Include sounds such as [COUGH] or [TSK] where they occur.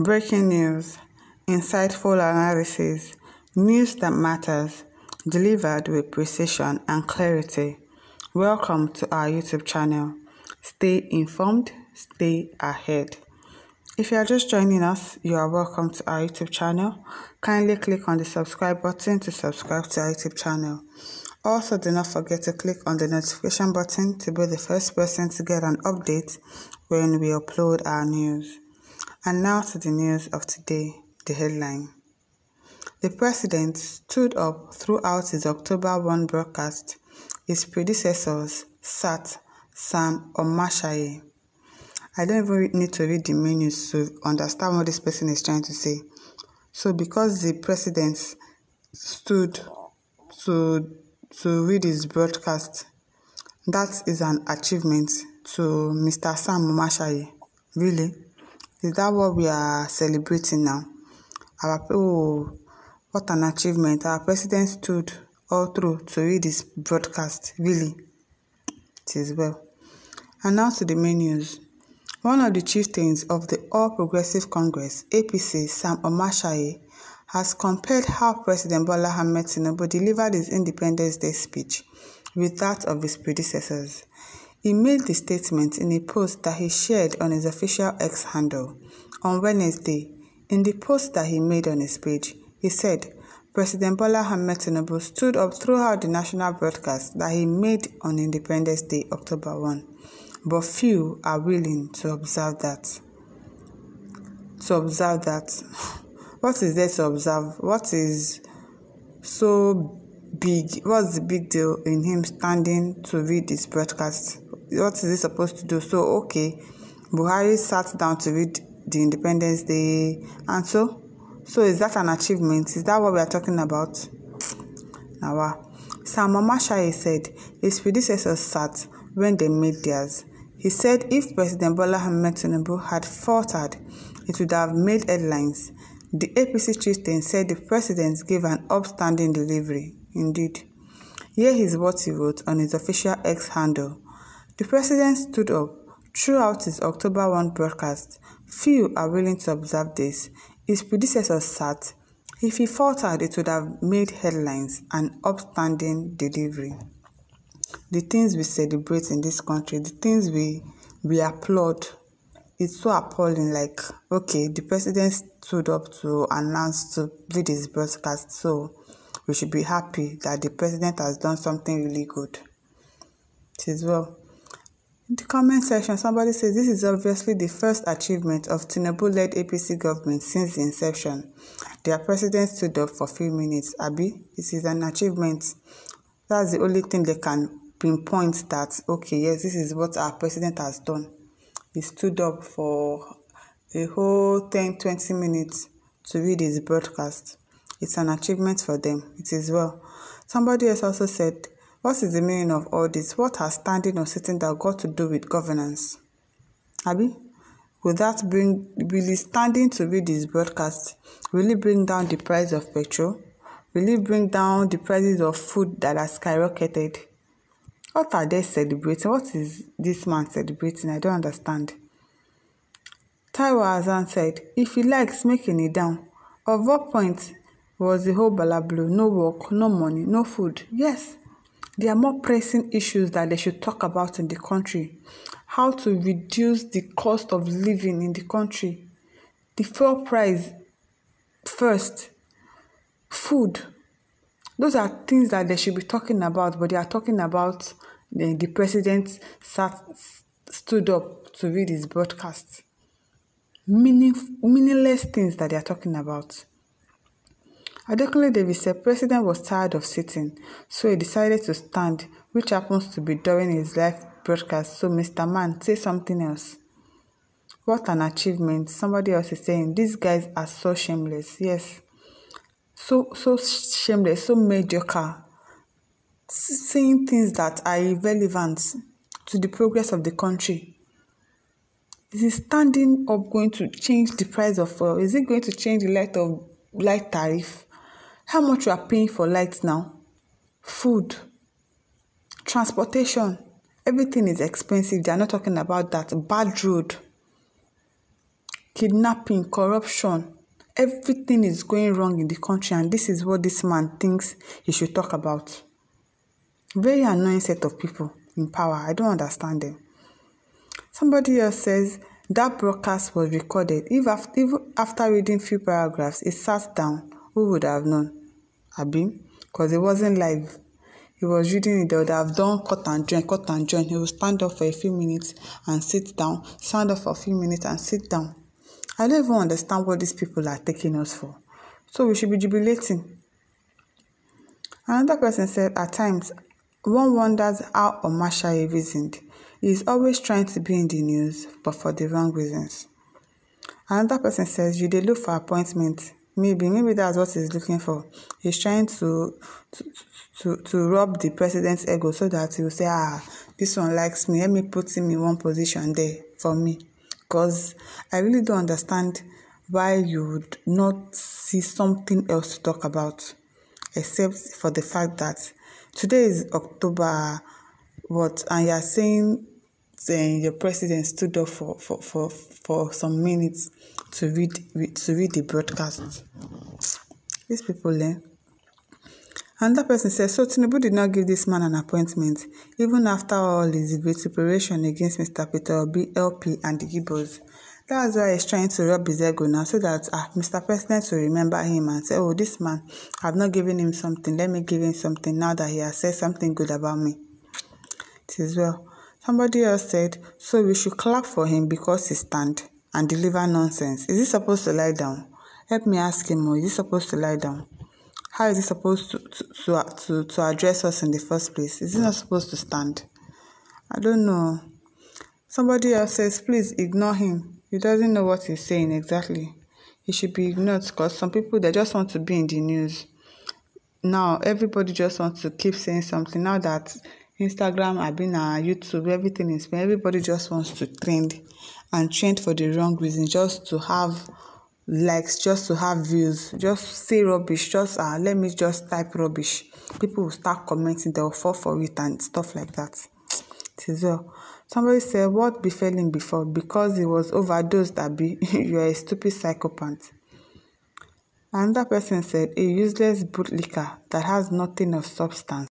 Breaking news, insightful analysis, news that matters, delivered with precision and clarity. Welcome to our YouTube channel. Stay informed, stay ahead. If you are just joining us, you are welcome to our YouTube channel. Kindly click on the subscribe button to subscribe to our YouTube channel. Also, do not forget to click on the notification button to be the first person to get an update when we upload our news. And now to the news of today, the headline. The president stood up throughout his October 1 broadcast. His predecessors sat Sam Omashaye. I don't even need to read the menus to understand what this person is trying to say. So because the president stood to to read his broadcast, that is an achievement to Mr. Sam Omashaye. Really? Is that what we are celebrating now? Our oh, what an achievement! Our president stood all through to read this broadcast. Really, it is well. And now to the main news. One of the chieftains of the All Progressive Congress (APC), Sam Omashaye, has compared how President Bola Ahmed Tinubu delivered his Independence Day speech with that of his predecessors. He made the statement in a post that he shared on his official X handle. On Wednesday, in the post that he made on his page, he said, President Bola Ahmed Tinubu stood up throughout the national broadcast that he made on Independence Day, October 1, but few are willing to observe that. To observe that. [LAUGHS] what is there to observe? What is so big? What's the big deal in him standing to read this broadcast? what is this supposed to do? So, okay, Buhari sat down to read the Independence Day, and so, so is that an achievement? Is that what we are talking about? [TSK] Now, Sir Mama said his predecessors sat when they made theirs. He said if President Bola Ahmed Tinubu had faltered, it would have made headlines. The APC chieftain said the president gave an upstanding delivery. Indeed. Here is what he wrote on his official X handle the president stood up throughout his October 1 broadcast. Few are willing to observe this. His predecessor sat. If he faltered, it would have made headlines and upstanding delivery. The things we celebrate in this country, the things we, we applaud, it's so appalling. Like, okay, the president stood up to announce to lead his broadcast, so we should be happy that the president has done something really good. It is well. In the comment section, somebody says this is obviously the first achievement of Tinubu-led APC government since the inception. Their president stood up for few minutes. Abi, this is an achievement. That's the only thing they can pinpoint that, okay, yes, this is what our president has done. He stood up for a whole 10, 20 minutes to read his broadcast. It's an achievement for them. It is well. Somebody has also said, what is the meaning of all this? What has standing or sitting that got to do with governance? Abi, will that bring really standing to read this broadcast? Will it bring down the price of petrol? Will it bring down the prices of food that are skyrocketed? What are they celebrating? What is this man celebrating? I don't understand. Taiwo Azan said, If he likes, making it down. Of what point was the whole balablu? No work, no money, no food. Yes, there are more pressing issues that they should talk about in the country. How to reduce the cost of living in the country. The fuel price first. Food. Those are things that they should be talking about, but they are talking about the, the president sat, stood up to read his broadcast. Meaning, meaningless things that they are talking about. Adekunle the said President was tired of sitting, so he decided to stand, which happens to be during his live broadcast. So, Mr. Man, say something else. What an achievement. Somebody else is saying, These guys are so shameless. Yes. So, so shameless, so mediocre. Saying things that are irrelevant to the progress of the country. Is he standing up going to change the price of oil? Uh, is it going to change the light of light tariff? how much you are paying for light now, food, transportation, everything is expensive. They are not talking about that. Bad road, kidnapping, corruption, everything is going wrong in the country, and this is what this man thinks he should talk about. Very annoying set of people in power. I don't understand them. Somebody else says that broadcast was recorded. If after, if after reading few paragraphs, it sat down, who would have known? Abi? Because it wasn't like he was reading it, they would have done cut and join, cut and join. He would stand up for a few minutes and sit down, stand up for a few minutes and sit down. I don't even understand what these people are taking us for. So we should be jubilating. Another person said, At times, one wonders how Omashai reasoned. He is always trying to be in the news, but for the wrong reasons. Another person says, You did look for appointments Maybe, maybe that's what he's looking for. He's trying to to, to, to rub the president's ego so that he will say, ah, this one likes me. Let me put him in one position there for me. Because I really don't understand why you would not see something else to talk about, except for the fact that today is October, what, and you're saying your president stood up for, for, for, for some minutes to read to read the broadcast. These people, eh? And that person says, so Tinubu did not give this man an appointment, even after all his vituperation against Mr. Peter BLP and the Gibbons. That's why he's trying to rub his ego now, so that uh, ah, Mr. President will remember him and say, oh, this man, I've not given him something. Let me give him something now that he has said something good about me. It is well. Somebody else said, so we should clap for him because he stand and deliver nonsense. Is he supposed to lie down? Help me ask him, oh, is he supposed to lie down? How is he supposed to, to, to, to address us in the first place? Is he not supposed to stand? I don't know. Somebody else says, please ignore him. He doesn't know what he's saying exactly. He should be ignored because some people, they just want to be in the news. Now, everybody just wants to keep saying something. Now that Instagram, I've been on YouTube, everything is everybody just wants to trend and trend for the wrong reason, just to have likes, just to have views, just say rubbish, just uh, let me just type rubbish. People will start commenting, they'll fall for it and stuff like that. So somebody said, What befell him before? Because he was overdosed, Abby. [LAUGHS] you are a stupid psychopath. Another person said, A useless bootlicker that has nothing of substance.